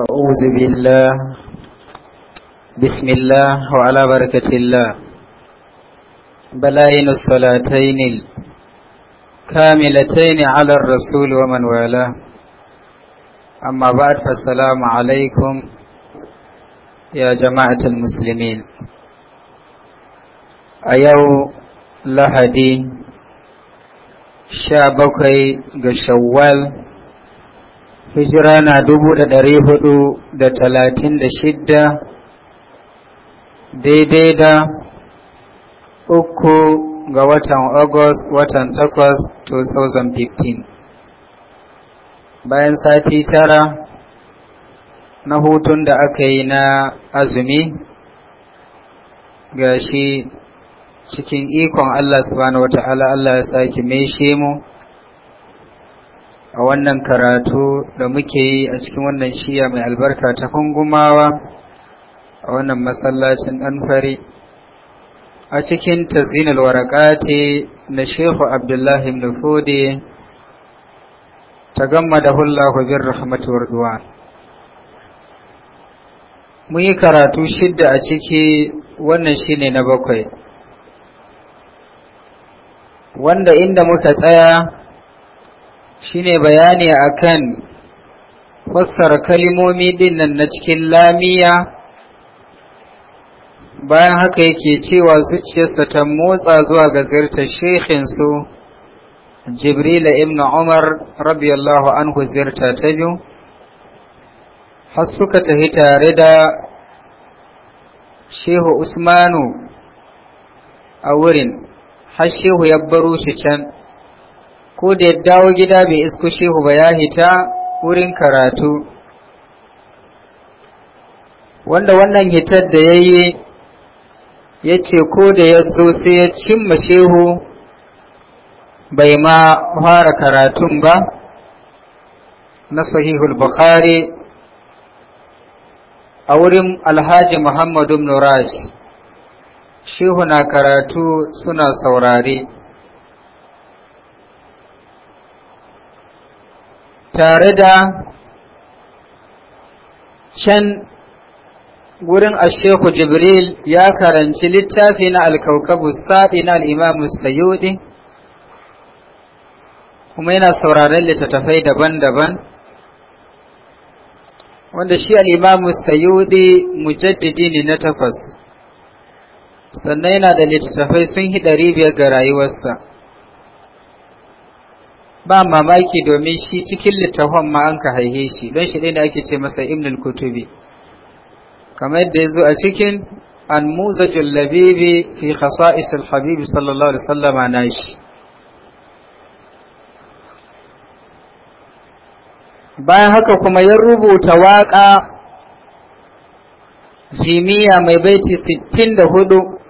أعوذ بالله بسم الله وعلى بركة الله بلاين الصلاتين الكاملتين على الرسول ومن والاه أما بعد فالسلام عليكم يا جماعة المسلمين أيو لهدي sha bakwai ga shawwal hijira na dubu da ɗari hudu da talatin da shidda daidai da uku ga watan august watan takwas 2015 bayan sati tara na hutun da aka yi na azumi gashi cikin ikon Allah subhanahu Ta'ala Allah ya sake shi mu a wannan karatu da muke yi a cikin wannan shiya mai albarka ta kungumawa a wannan masallacin fari. a cikin tazinul warakati na shehu abdullahi ibn fode ta gama da hullahu bin Rahmatuwar duwa mun yi karatu shidda a ciki wannan shine na bakwai wanda inda muka tsaya shine bayani akan fassara kalimomi din nan na cikin lamiya bayan haka yake cewa zuciyarsa ta motsa zuwa ga ziyartar su. jibril ibn umar radiyallahu anhu ziyarta ta biyu suka tafi tare da shehu usmanu a wurin har shehu ya baro shi can ko da ya dawo gida bai isku shehu ba ya hita wurin karatu wanda wannan hitar da ya yi ya ce ko da ya zo sai ya cimma shehu bai ma fara karatun ba na sahihul bukhari a wurin alhaji muhammadu nurash shehu na karatu suna saurare tare da can gurin ashehu jibril ya karanci littafi na alkaukabu sa'i na al'imamu sayudi kuma yana sauraron littattafai daban-daban wanda shi al'imamu sayudi mujaddidi ne na takwas sannan yana da littattafai sun hi ɗari biyar ga rayuwarsa ba mamaki domin shi cikin littafin ma an ka haihe shi don shi ɗaya da ake ce masa ibnul kutubi kamar yadda ya zo a cikin an muza jullabibi fi khasa'is al-habibi sallallahu alaihi sallama na shi bayan haka kuma ya rubuta waƙa jimiya mai baiti 64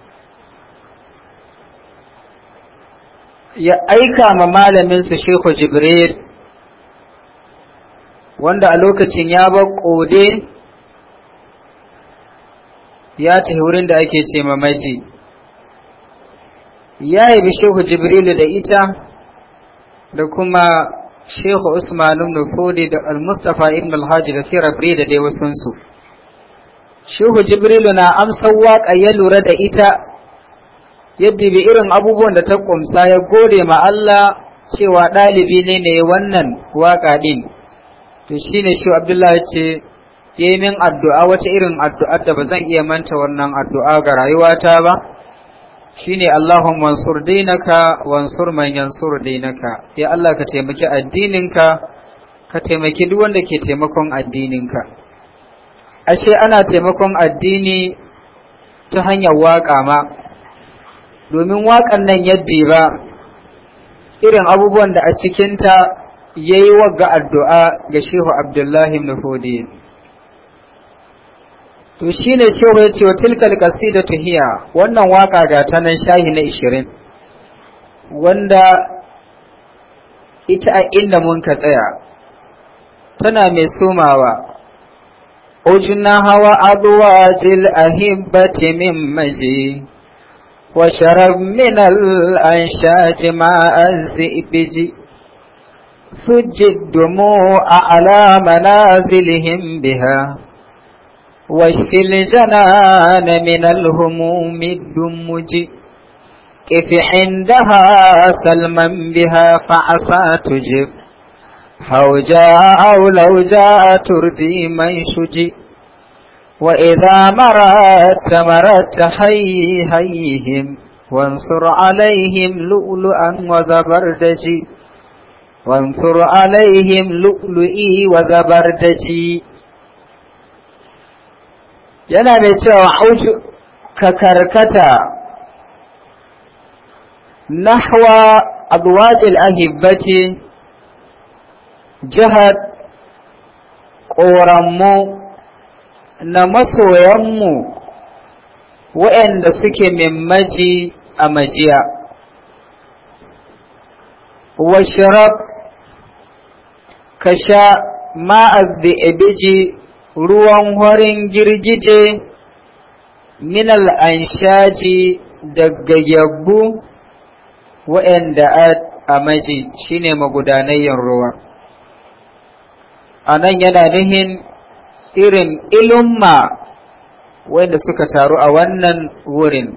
ya aika ma malaminsa Shehu Jibril wanda a lokacin ya bar ƙode ya tafi wurin da ake ce mamaji ya yi Shehu Jibril da ita da kuma Shehu Usman ibn Fodi da Al-Mustafa ibn al da Firabri da dai wasansu Shehu Jibril na amsa waƙa ya lura da ita yadda bi irin abubuwan da ta kumsa ya gode ma Allah cewa ɗalibi ne ne wannan waƙa ɗin to shi ne shi abdullahi ce ya yi min addu'a wata irin addu'a da ba zan iya manta wannan addu'a ga rayuwata ba shi ne Allahun wansur dinaka wansur man yansur dinaka ya Allah ka taimaki addininka ka taimaki duk wanda ke taimakon addininka ashe ana taimakon addini ta hanyar waka ma domin waƙan nan ya diba irin abubuwan da a cikinta ya yi wa ga addu'a ga shehu abdullahi nufodi to shi ne shehu ya ce wa tilkal da tuhiya wannan waƙa ga ta nan shahi na ishirin wanda ita a inda mun ka tsaya tana mai somawa أجنها وأضواج الأهبة من مجيء وشرب من الأنشات ماء الزئبج سج الدموع على منازلهم بها واشفي الجنان من الهموم الدمج كف عندها سلما بها فعصى تجب أو أو لوجا تردي من شجي وإذا مرت مرت حي حيهم وانصر عليهم لؤلؤا وزبردجي وانصر عليهم لؤلؤي وزبردجي yana mai cewa auju ka karkata nahwa azwajil ahibbati jihar ƙoranmu na masoyanmu waɗanda suke mimmaji a majiya washirab ka sha ma'az da ruwan horin girgije minal anshaji daga yabbu waɗanda a maji shine magudanayyan ruwa a nan yana nihin irin ilumma wanda suka taru a wannan wurin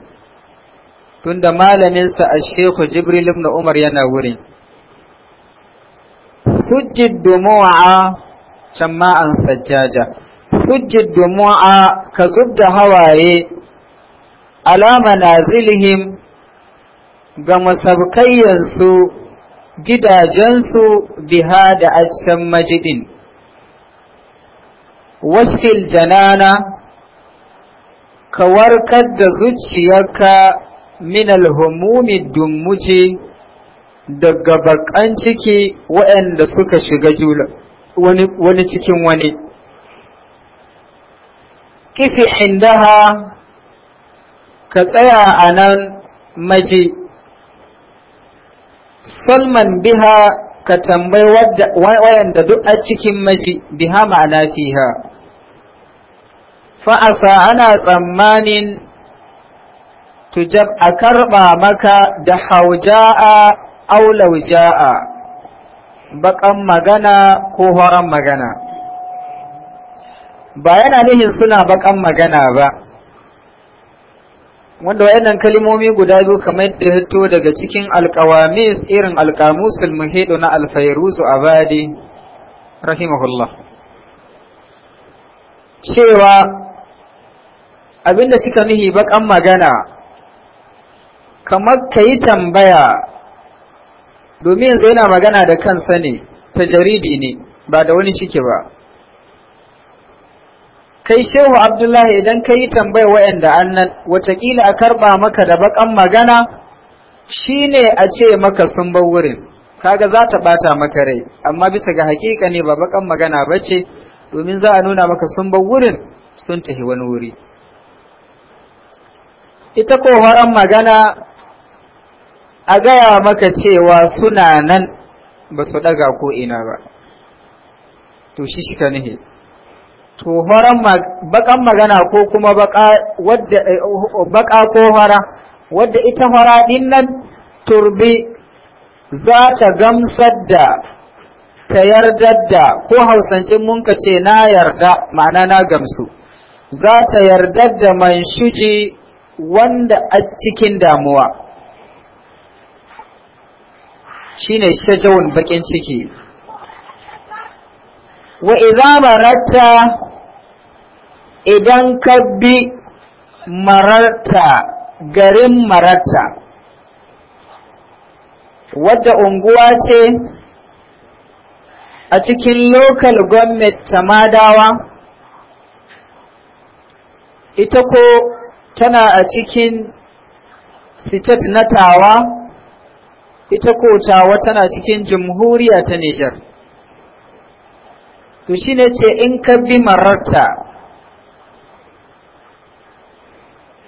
tunda malaminsa a sheku jibril ibn umar yana wurin sujjid dumu'a can ma'an sajjaja sujjid dumu'a ka zubda hawaye alama na zilihim ga masabkayyansu gidajensu biha da accan majidin wasfil janana ka warkar da zuciyarka min alhumumi dummuce daga bakan ciki waɗanda suka shiga jula wani cikin wani kifi indaha ka tsaya a nan maji salman biha ka tambayi wayanda duk a cikin maji biha ma'ana fiha fa'asa ana tsammanin tujab a karɓa maka da hauja'a aulauja'a baƙan magana ko horon magana ba yana nihin suna baƙan magana ba wanda wayannan kalmomi guda biyu kamar da hito daga cikin alƙawamis irin alƙamusul muhido na alfairusu abadi rahimahullah cewa abinda suka nuhi bakan magana kamar ka yi tambaya domin yanzu yana magana da kansa ne ta jaridi ne ba da wani ciki ba kai shehu abdullahi idan ka yi tambaya an nan watakila a karba maka da bakan magana shi ne a ce maka sun bar wurin kaga za ta bata maka rai amma bisa ga hakika ne ba bakan magana ba ce domin za a nuna maka sun bar wurin sun tafi wani wuri ita ko horan magana a gaya maka cewa suna nan ba su ɗaga ko ina ba to shi shi ka nihe to bakan magana ko kuma baka ko hora wadda ita hora ɗin nan turbi za ta gamsar da ta yardar da ko hausancin munka ce na yarda ma'ana na gamsu za ta yardar da man shuji wanda a cikin damuwa shine shajawun bakin ciki wa iza marata idan ka bi mararta garin mararta wadda unguwa ce a cikin local government tamadawa ita ko tana a cikin sitat na tawa ita ko tawa tana cikin jamhuriya ta Nijar. To shi ne ce in ka bi mararta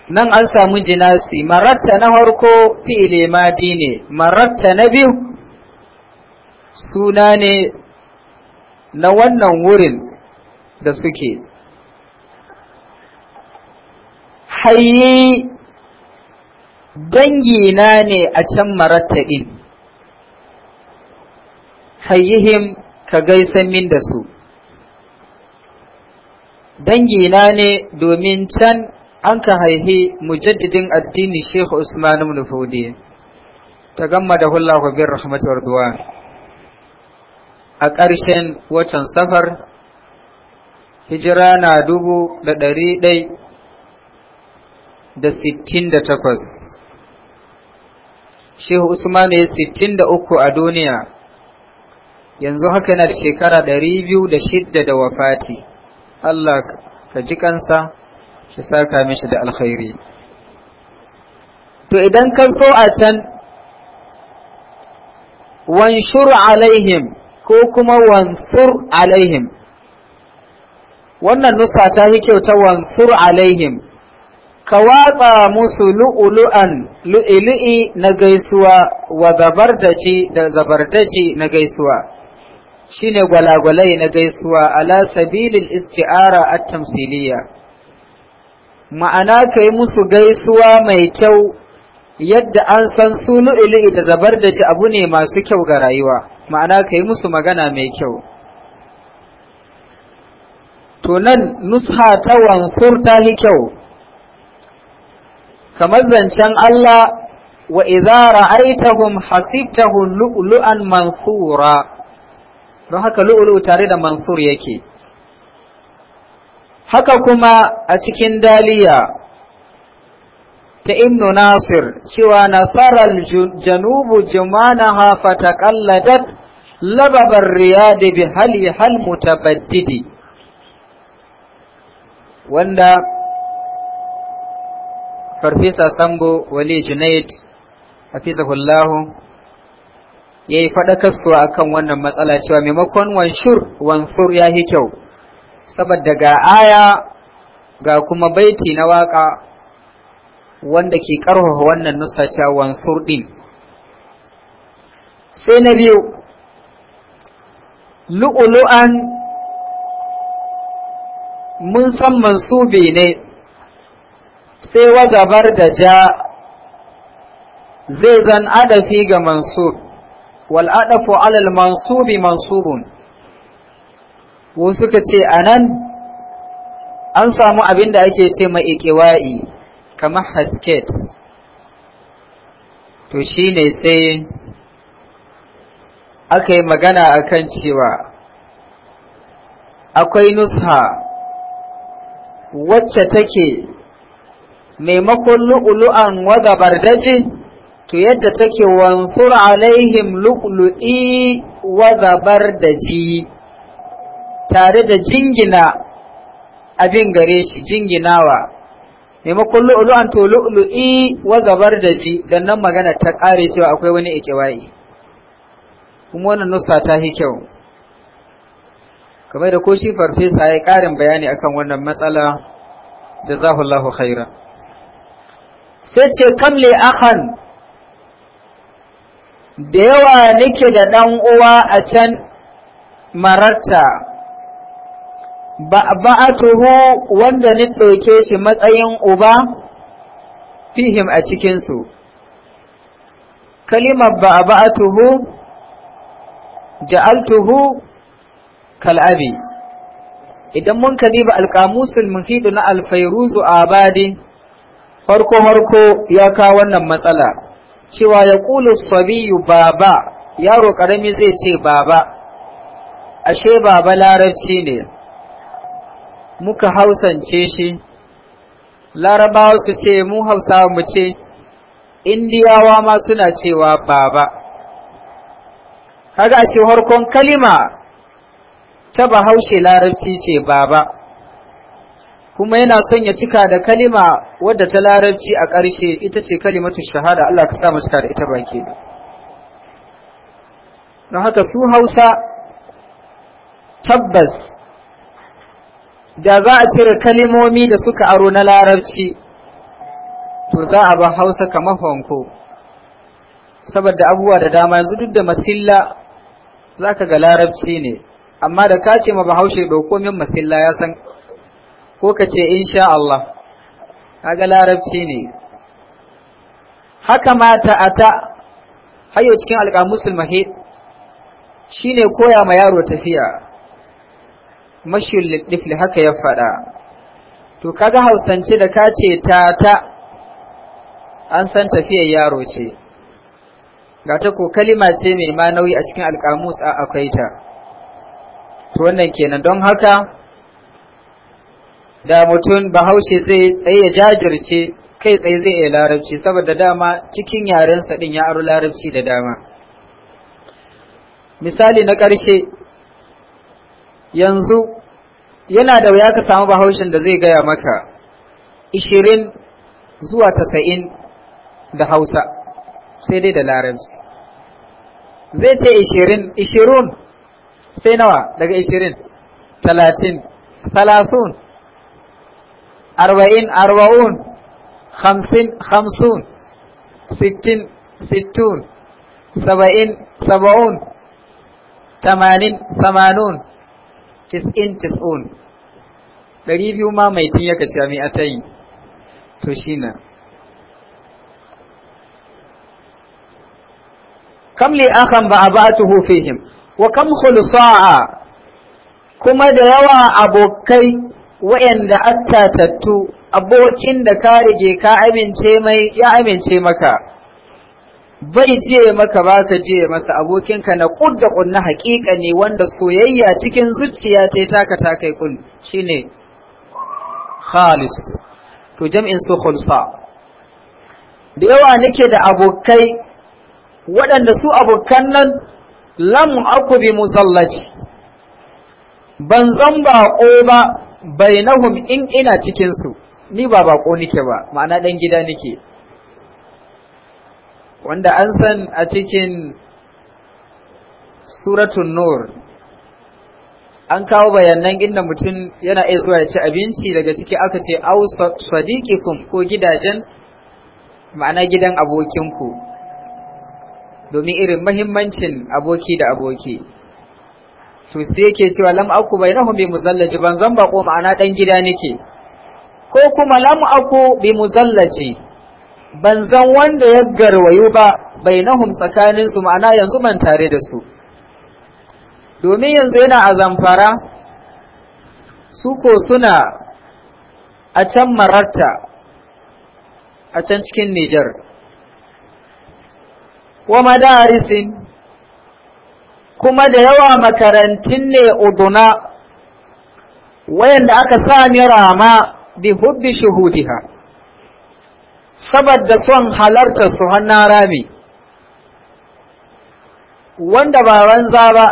nan an samu jinasi mararta na harko fi'ile madi ne mararta na biyu suna ne na wannan wurin da suke hayyi dangina ne a can marattaɗin hayyihim ka gaisa min da su dangina ne domin can an ka haihi mujaddidin addini Shehu Usman ibn Fudi ta gamma da hullahu bin rahmatuwar duwa a ƙarshen watan safar hijira na dubu da ɗari ɗai da sittin da takwas shehu usmanu ya sittin da uku a duniya yanzu haka yana da shekara ɗari biyu da shidda da wafati allah ka ji kansa shi saka mishi da alkhairi to idan ka so a can wanshur alaihim ko kuma wansur alaihim wannan nusa ta yi kyauta wansur alaihim ka watsa musu lu'ulu'an lu'ili'i na gaisuwa wa zabardaci da zabardaci na gaisuwa shine gwalagwalai na gaisuwa ala sabilil isti'ara at-tamthiliya ma'ana kai musu gaisuwa mai kyau yadda an san su lu'ili'i da zabardaci abu ne masu kyau ga rayuwa ma'ana kai musu magana mai kyau to nan nusha ta wanfur ta kyau kamar zancen Allah wa idza ra'aitahum hasibtahum lu'lu'an mansura don haka lu'lu'u tare da mansur yake haka kuma a cikin daliya ta ibnu nasir cewa nasarar janubu jumanaha fataqalladat lababar riyad bi hali hal mutabaddidi wanda farfesa sambo wali junaid hafizahullahu ya yi faɗakarsuwa a wannan matsala cewa maimakon wanshur Wanfur ya yi kyau saboda ga aya ga kuma baiti na waƙa wanda ke ƙarfafa wannan nusa cewa wanshur ɗin sai na biyu lu'ulu'an mun san mansubi ne sai wagabar da ja zai zan adafi ga mansub wal adafu alal mansubi mansubun wo suka ce anan an samu abin da ake ce mai ikiwa'i kamar hasket to shi ne sai aka yi magana akan cewa akwai nusha wacce take maimakon lu'ulu'an wa gabardaji to yadda take wanfur alaihim lu'lu'i wa gabardaji tare da jingina abin gare shi jinginawa maimakon lu'lu'an to lu'lu'i wa gabardaji dan nan magana ta kare cewa akwai wani ikiwai kuma wannan nusa ta yi kyau kamar da ko shi farfesa ya ƙarin bayani akan wannan matsala jazahullahu khairan sai ce kamle akan da yawa nake da ɗan uwa a can mararta ba'atuhu wanda ni ɗauke shi matsayin uba fihim a cikinsu kalimar ba'atuhu ja'altuhu kal'abi idan mun kadiba alƙamusul muhidu na alfairuzu abadi farko farko ya kawo wannan matsala cewa ya ƙulu sabiyu baba yaro ƙarami zai ce baba ashe baba larabci ne muka hausance shi larabawa su ce mu Hausa mu ce indiyawa ma suna cewa baba kaga ashe harkon kalima ta bahaushe larabci ce baba kuma yana son ya cika da kalima wadda ta larabci a ƙarshe ita ce kalimatu shahada Allah ka sa mu da ita baki da don haka su Hausa tabbas da za a cire kalimomi da suka aro na larabci to za a ba Hausa kamar Honko saboda abubuwa da dama yanzu duk da masilla zaka ga larabci ne amma da ka ce ma Bahaushe dauko min masilla ya san ko ka ce in sha Allah kaga larabci ne haka ma ta'ata hayo cikin alƙamusul Shi shine koya ma yaro tafiya mashiyul lidifli haka ya faɗa to kaga hausance da ka ce ta. an san tafiyar yaro ce ga ta ko kalima ce mai ma nauyi a cikin alƙamus a akwai ta to wannan kenan don haka da mutum bahaushe zai tsaye ya jajirce kai tsaye zai iya larabci saboda dama cikin yarensa din ya aro larabci da dama misali na ƙarshe yanzu yana da wuya ka samu bahaushen da zai gaya maka ishirin zuwa 90 da hausa sai dai da larabci zai ce ishirin ishirun sai nawa daga ishirin talatin talatin arba'in arba'un hamsin hamsun sittin sittun saba'in saba'un tamanin tamanun tis'in tis'un ɗari biyu ma mai tun yaka cewa mai atayi to shi na kam li akan ba a ba'atuhu fihim wa kam khulsa'a kuma da yawa abokai wa'yanda attatattu abokin da ka rige ka amince mai ya amince maka bai je maka ba ka je masa abokinka na kudda kunna hakika ne wanda soyayya cikin zuciya ta taka ta kai kun shine khalis to jam'in su khulsa da yawa nake da abokai waɗanda su abokan nan lam aku bi musallaci ban zan ba ba bainahum in ina cikin su ni ba bako nike ba ma'ana dan gida nike wanda an san a cikin suratun nur an kawo bayanan inda mutum yana iya zuwa ya ci abinci daga ciki aka ce au sadiqikum ko gidajen ma'ana gidan abokinku domin irin mahimmancin aboki da aboki to sai yake cewa lam aku bainahum bi muzallaj ban zan bako ma'ana dan gida nake ko kuma lam aku bi muzallaj ban zan wanda ya garwayo ba bainahum tsakanin su ma'ana yanzu ban tare da su domin yanzu yana a zamfara su ko suna a can mararta a can cikin Nijar wa madarisin kuma da yawa makarantun ne uduna wayanda aka sa ni rama bi hubbi shuhudiha saboda son halarta su hannun rami wanda ba ranza ba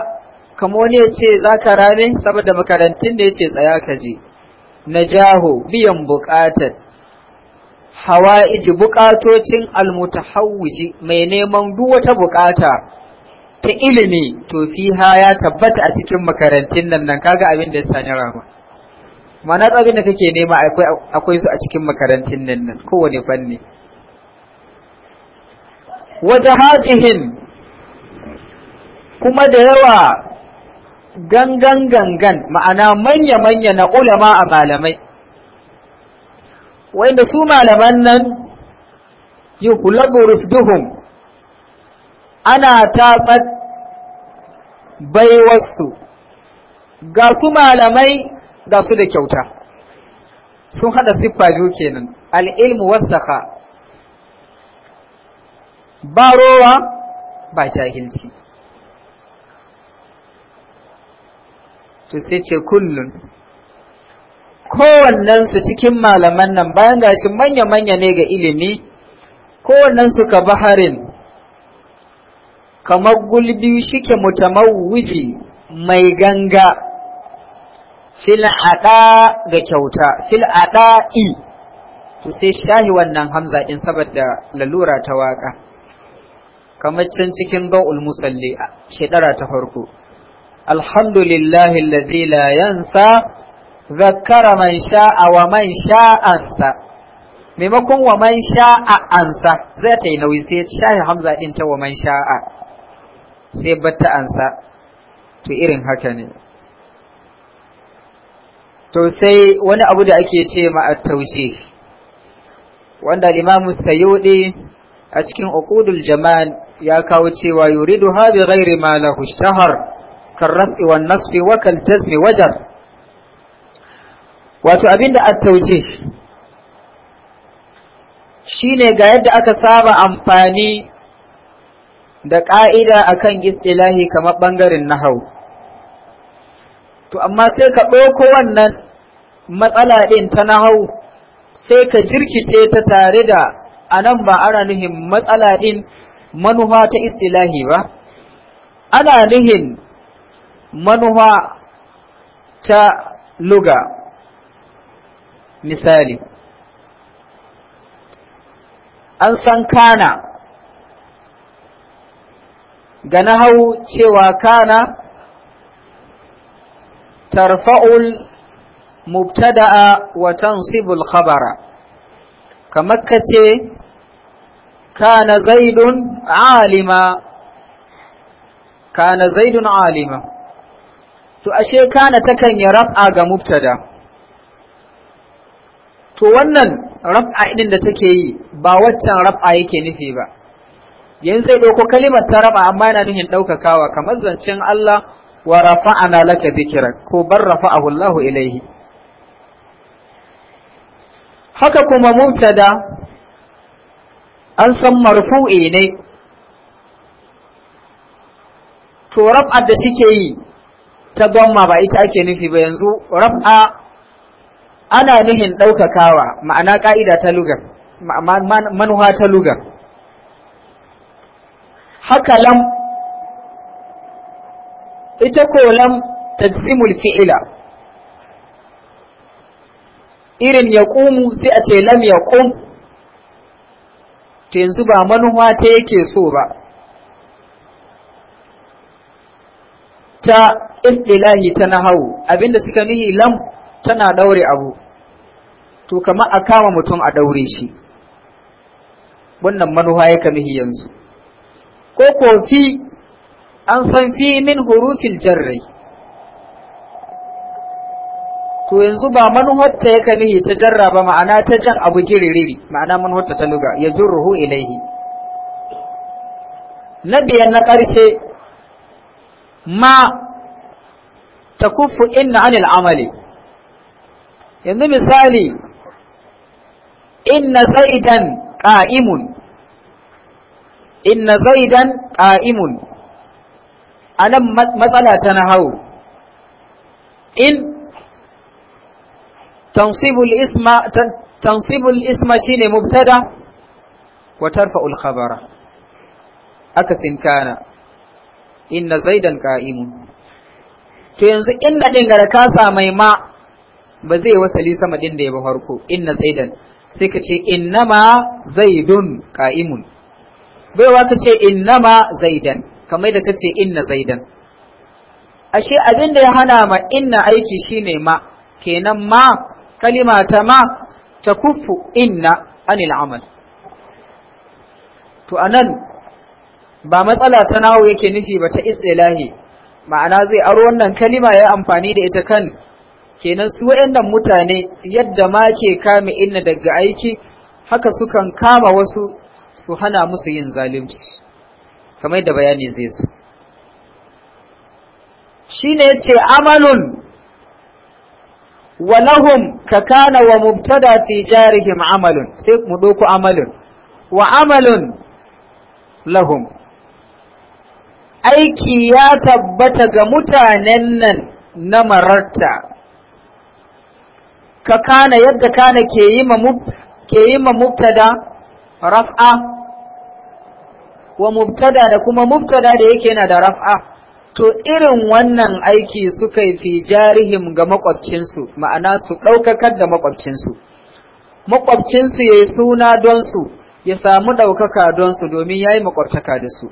kamo ne ce za ka rame saboda makarantun da ya ce tsaya ka je na jaho biyan bukatar hawa'iji bukatocin almutahawwiji mai neman duk wata bukata ta ilimi to fiha ya tabbata a cikin makarantun nan nan kaga abin da ya sani rama mana tsabi da kake nema akwai akwai su a cikin makarantun nan nan kowane fanni wajahajihin kuma da yawa gangan gangan ma'ana manya manya na ulama a malamai wanda su malaman nan yuhlabu rufduhum ana tatsar baiwarsu ga su malamai ga su da kyauta sun hada siffa biyu kenan al'ilmu wasaka ba rowa ba jahilci to sai ce kullun kowannensu cikin malaman nan bayan gashi manya-manya ne ga ilimi kowannensu ka baharin kamar gulbi shike mutamawwiji mai ganga fil ada ga kyauta fil ada'i to sai shahi wannan hamza din saboda lalura ta waka kamar can cikin ga'ul musalli shedara ta farko alhamdulillahi lillahi la yansa zakkara man sha'a wa man sha'ansa maimakon wa man sha'a ansa zai ta yi nauyi sai shahi hamza din ta wa man sha'a sai bata ansa to irin haka ne to sai wani abu da ake ce ma a tawjih wanda limamu Sayyidi a cikin Uqudul Jamal ya kawo cewa yuridu ha bi ghairi ma lahu ishtahar karrafi wan nasfi wa kal jazmi wajar wato abinda a tawjih shine ga yadda aka saba amfani da ƙa'ida akan istilahi kamar ɓangaren nahau to amma sai ka ɗauko wannan matsala ɗin ta nahau sai ka jirkice ta tare da a nan ba ana nuhin matsala ɗin manuwa ta istilahi ba ana nuhin manuwa ta luga misali an san kana ga nahau cewa kana tarfa'ul mubtada'a wa tansibul khabara kamar ka ce kana zaidun alima kana zaidun alima to ashe kana takan yi raf'a ga mubtada to wannan raf'a ɗin da take yi ba waccan raf'a yake nufi ba yanzu zai ɗauko kalimar ta raba amma yana nuhin ɗaukakawa kamar zancen Allah wa rafa'ana laka dhikrak ko bar a Allahu ilaihi haka kuma mubtada an san marfu'i ne to raf'a da shike yi ta gwamma ba ita ake nufi ba yanzu raf'a ana nuhin ɗaukakawa ma'ana ka'ida ta lugar manuha ta lugar haka lam ita ko lam tajzimul fi'ila irin ya ƙumu sai a ce lam ya ƙum ta yanzu ba manuwa ta yake so ba ta istilahi ta nahawu abinda suka nihi lam tana ɗaure abu to kama a kama mutum a ɗaure shi wannan manuwa ya kamihi yanzu ko kofi an san fi min hurufil jarri to yanzu ba manhatta ya kanihi ta jarra ba ma'ana ta jan abu giririri ma'ana manhatta ta luga ya jurruhu ilaihi na biyan na ƙarshe ma ta kufu inna anil amali yanzu misali inna zaidan ƙa'imun inna zaidan a nan matsala ta na hau in تنصب isma تنصب الاسم شين مبتدا وترفع الخبر عكس كان ان زيدا قائم to yanzu inda din ga kasa mai ma ba zai wasali sama din da ya ba farko inna zaidan sai ka ce innama zaidun qa'imun baiwa ka ce ma zaidan kamar da ka ce inna zaidan ashe abin da ya hana ma inna aiki shine ma kenan ma kalima ta ma ta kufu inna anil amal to anan ba matsala ta nawo yake nufi ba ta istilahi ma'ana zai aro wannan kalima ya amfani da ita kan kenan su waɗannan mutane yadda ma ke kame inna daga aiki haka sukan kama wasu su hana musu yin zalunci kamar da bayani zai zo shine yace amalun walahum ka kana wa mubtada fi jarihim amalun sai mu doko amalun wa amalun lahum aiki ya tabbata ga mutanen nan na mararta ka kana yadda kana ke yi ma mubtada raf'a wa mubtada da kuma mubtada da yake yana da raf'a to irin wannan aiki suka yi fi jarihim ga makwabcinsu ma'ana su ɗaukakar da makwabcinsu makwabcinsu ya yi suna don su ya samu ɗaukaka don su domin ya yi makwabtaka da su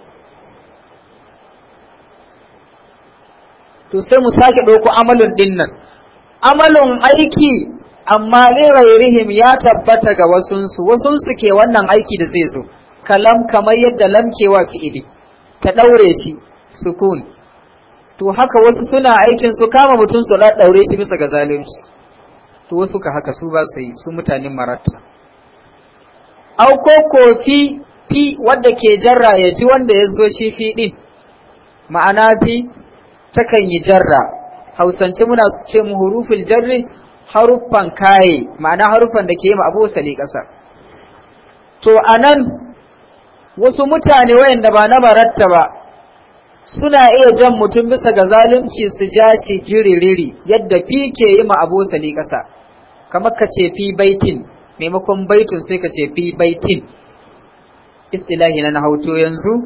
to sai mu sake ɗauko amalin ɗin nan amalin aiki amma li ghairihim ya tabbata ga wasunsu wasunsu ke wannan aiki da zai zo kalam kamar yadda lamkewa fi'ili ta daure shi sukun to haka wasu suna aikin su kama mutum su daure shi bisa ga zalunci to wasu ka haka su ba su yi su mutanen maratta au ko kofi fi wanda ke jarra ya ji wanda ya zo shi fi din ma'ana fi takan yi jarra hausance muna ce mu hurufin jarri haruffan kaye ma'ana haruffan da ke yi abu sali ƙasa to a nan wasu mutane wayanda ba na baratta ba suna iya jan mutum bisa ga zalunci su ja shi jiririri yadda fi ke yi ma abu sali ƙasa kamar ka ce fi baitin maimakon baitin sai ka ce fi baitin istilahi na hauto yanzu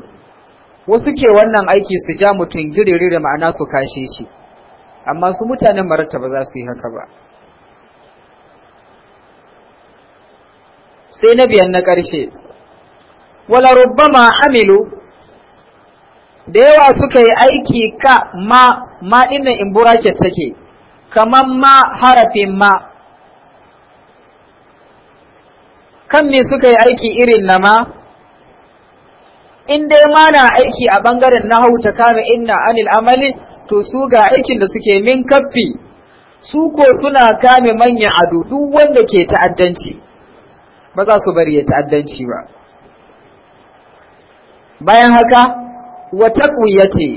wasu ke wannan aiki su ja mutum jiririri ma'ana su kashe shi amma su mutanen ba za su yi haka ba sai na biyan na ƙarshe wala rubbama amilu da yawa suka yi aiki ka ma ma in buraket take kamar ma harafin ma kan me suka yi aiki irin na ma in dai ma na aiki a ɓangaren na hauta kama inna anil amali to su ga aikin da suke min kaffi su ko suna kame manyan ado duk wanda ke ta'addanci ba za su bari ya ta'addanci ba bayan haka wa taqwiyati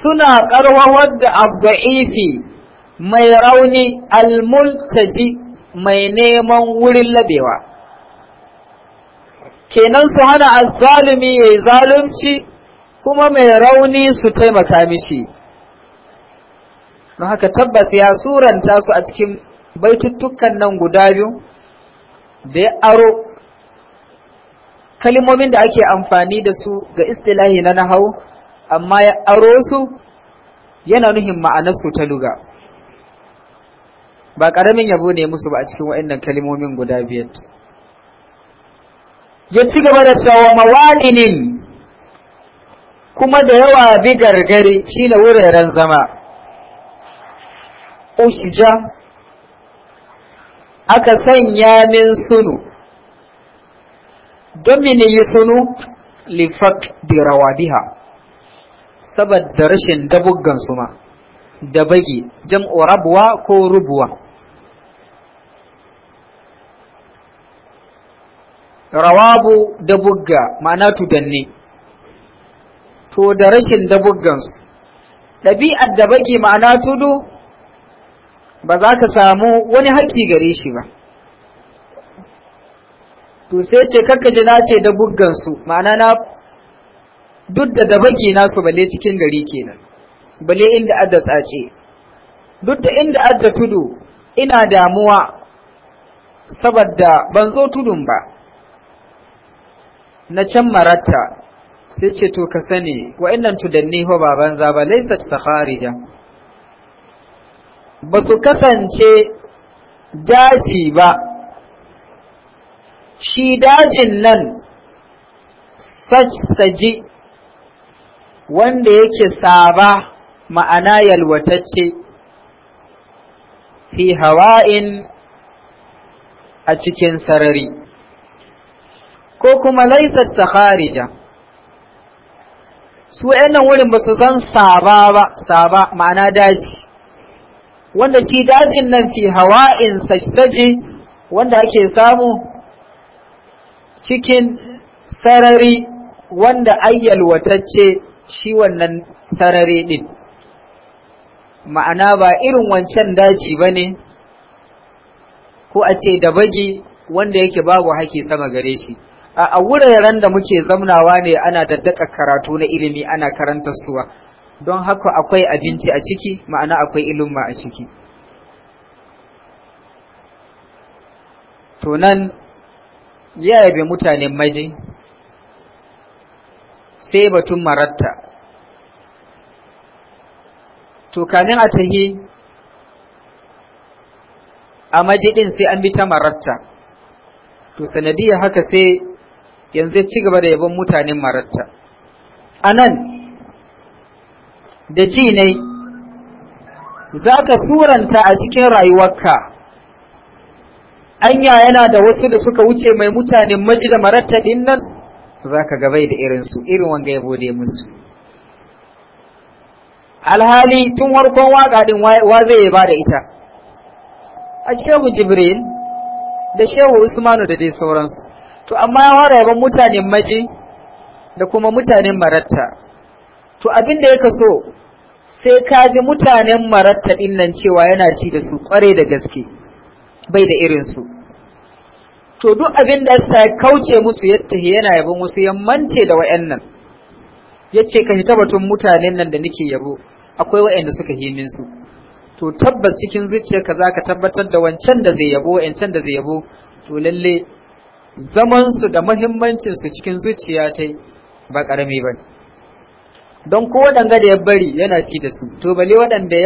suna karwawar da abda'ifi mai rauni almultaji mai neman wurin labewa kenan su hana azzalumi ya yi zalunci kuma mai rauni su taimaka mishi don haka tabbas ya suranta su a cikin baituttukan nan guda biyu da ya aro kalimomin da ake amfani da su ga istilahi na nahau amma ya aro su yana nuhin ma'anarsu ta luga ba ƙaramin yabo ne musu ba a cikin wa'annan kalimomin guda biyar ya ci gaba da cewa mawalinin kuma da yawa bi gargare shine wuraren zama ushija aka sanya min sunu don mini yi sunu lifak dirawa biha saboda rashin dabuggan ma da bagi jam'u rabuwa ko rubuwa rawabu dabugga ma'ana tudanne to da rashin dabuggansu ɗabi'ar da baki ma'ana tudu ba za ka samu wani haƙƙi gare shi ba to sai ce ji na ce da buggansu ma'ana na duk da da baki nasu balle cikin gari kenan balle inda adda tsace duk da inda adda tudu ina damuwa saboda ban zo tudun ba na can maratta sai ce to ka sani wa'annan tudanni ho baban za ba laysat sakharija ba su kasance daji ba shi dajin nan saji wanda yake saba ma'ana yalwatacce fi hawa'in a cikin sarari ko kuma laisar sakharija su 'yan nan wurin ba su san saba ba saba ma'ana daji wanda shi dajin nan fi hawa'in sajtaji wanda ake samu cikin sarari wanda watacce shi wannan sarari din ma'ana ba irin wancan daji bane ko a ce da bagi wanda yake babu haƙi sama gare shi a wuraren da muke zamnawa ne ana daddaka karatu na ilimi ana karanta suwa don haka akwai abinci a ciki ma'ana akwai ilimma a ciki to nan ya yabe mutanen maji sai batun maratta to kanin a tahi a maji din sai an bi ta maratta to sanadiyar haka sai yanzu ci gaba da yabon mutanen maratta a nan da ji ne za ka suranta a cikin rayuwarka anya yana da wasu da suka wuce mai mutanen maji da din nan za ka gabai da irinsu irin wanga ya bude musu alhali tun warkon waka din wa zai ba da ita a shehu jibril da shehu usmanu da dai sauransu to amma ya ware yaban mutanen maji da kuma mutanen maratta to abin da ya kaso sai ka ji mutanen maratta nan cewa yana ci da su kware da gaske bai da irin su. to duk abin da ta kauce musu ya tahi yana yabon wasu ya da wayannan ya ce ka batun mutanen nan da nake yabo akwai wayanda suka himin su to tabbas cikin zuciyarka za ka tabbatar da wancan da zai yabo wancan da zai yabo to lalle zamansu da muhimmancinsu cikin zuciya ta ba ƙarami ba don ko waɗanda da ya bari yana ci da su to bale waɗanda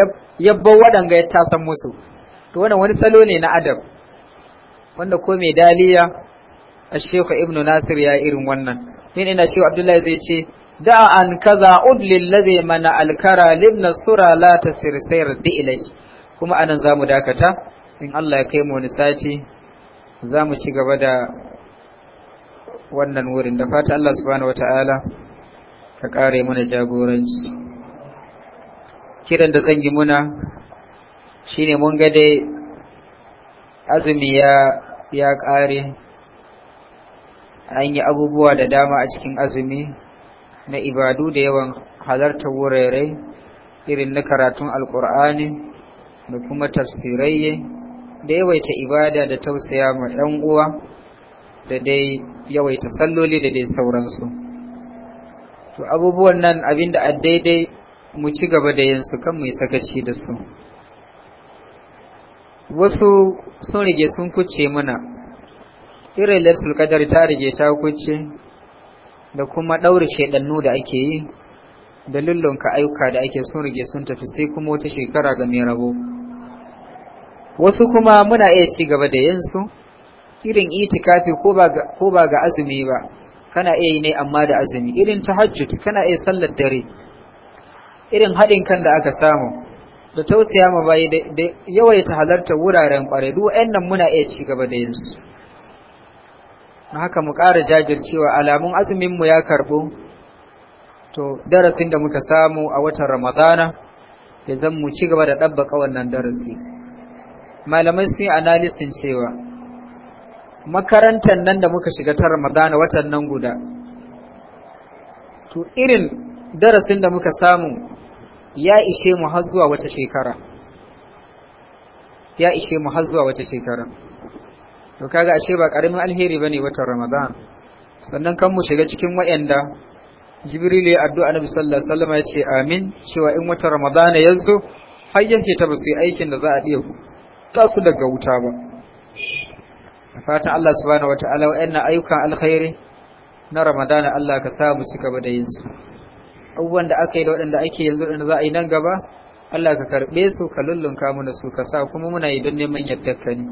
ya bar waɗanga ya tasan musu to wannan wani salo ne na adab, wanda ko mai daliya a ibnu nasir ya irin wannan yin ina shehu abdullahi zai ce da an kaza udlil ladhi mana alkara libna sura la tasir sayr di ilai kuma anan zamu dakata in Allah ya kai mu wani sati zamu ci gaba da wannan wurin da fata Allah subhanahu wataala ka ƙare mana jagoranci kiran da zan yi muna shine mun ga dai azumi ya ya ƙare an yi abubuwa da dama a cikin azumi na ibadu da yawan halartar wurare irin na karatun alƙur'ani da kuma tafsirai da yawaita ibada da tausaya ma 'yan uwa da dai yawaita salloli da dai sauransu. to abubuwan nan abinda a daidai mu ci gaba da yansu kan mu sakaci da su wasu sun rige sun kuce mana irin lailatul qadar ta rige ta kuce da kuma daure shaidannu da ake yi da lullunka ayyuka da ake sun rige sun tafi sai kuma wata shekara ga mai rabo wasu kuma muna iya ci gaba da yansu irin itikafi ko ba ga azumi ba kana iya yi ne amma da azumi irin tahajjud kana iya sallar dare irin haɗin kan da aka samu da tausaya ma bayi da yawaita halarta wuraren kware duk wayannan muna iya ci gaba da yin su haka mu ƙara jajircewa alamun azumin mu ya karɓo to darasin da muka samu a watan ramadana ya zan mu ci gaba da ɗabbaka wannan darasi malamai sun yi analisin cewa makarantar nan da muka shiga ta ramadana watan nan guda to irin darasin da muka samu ya ishe mu har zuwa wata shekara ya ishe mu har zuwa wata shekara to kaga ashe ba karamin alheri bane watan ramadan sannan kan mu shiga cikin wayanda jibril ya addu'a annabi sallallahu alaihi wasallam ya ce amin cewa in watan ramadan ya zo har yake ta ba su aikin da za a iya tasu daga wuta ba fata Allah subhanahu wataala wa'annan ayyukan alkhairi na Ramadana Allah ka sa mu cika ba da yin su abubuwan da aka yi da waɗanda ake yanzu da za a yi nan gaba Allah ka karɓe su ka lullunka mu da su ka sa kuma muna yi don neman yardarka ne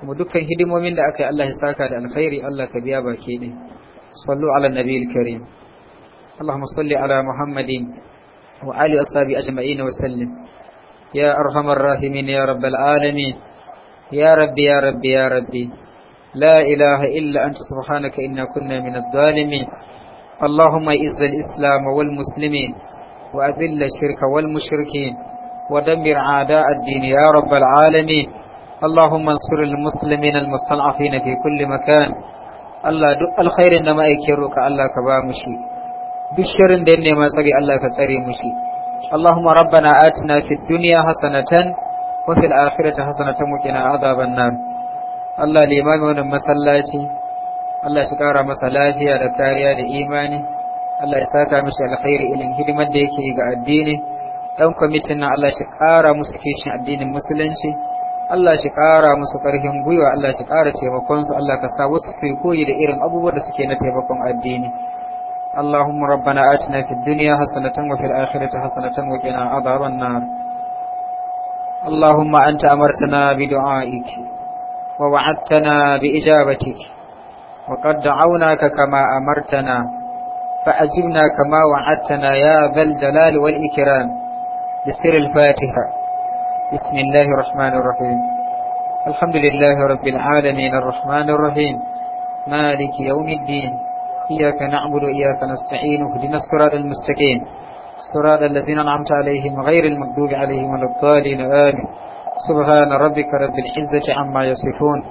kuma dukkan hidimomin da aka yi Allah ya saka da alkhairi Allah ka biya baki ne sallu ala nabiyil karim اللهم صل على محمد وعلى اصحابه اجمعين وسلم يا ارحم الراحمين ya رب العالمين Ya Rabbi, Ya Rabbi, Ya Rabbi, La ilaha illa anta subhanaka inna kunna min dalimi Allahumma izzal Islam wal muslimin wa azilla shirka wal mushrikin wa dammir ada addin ya rabbal alamin Allahumma ansur al muslimin al mustan'afin fi kulli makan Allah duk alkhairin da ma'aikin roka Allah ka ba mu shi duk sharrin da ya nema tsari Allah ka tsare mu shi Allahumma rabbana atina fid dunya hasanatan wa fil akhirati hasanatan wa qina adhaban nar Allah limami wannan masallaci Allah shi kara masa lafiya da kariya da imani Allah ya saka mishi alkhairi ilin hidimar da yake ga addini dan kwamitin nan Allah shi kara musu kishin addinin musulunci Allah shi kara musu karfin gwiwa Allah shi kara taimakon su Allah ka sa wasu su koyi da irin abubuwan da suke na taimakon addini اللهم ربنا آتنا في الدنيا حسنة وفي الآخرة حسنة وقنا عذاب النار اللهم أنت أمرتنا بدعائك ووعدتنا بإجابتك وقد دعوناك كما أمرتنا فأجبنا كما وعدتنا يا ذا الجلال والإكرام بسر الفاتحة بسم الله الرحمن الرحيم الحمد لله رب العالمين الرحمن الرحيم مالك يوم الدين إياك نعبد وإياك نستعين اهدنا الصراط المستقيم صراط الذين أنعمت عليهم غير المغضوب عليهم ولا الضالين آمين سبحان ربك رب العزة عما يصفون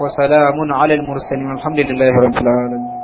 وسلام على المرسلين والحمد لله رب العالمين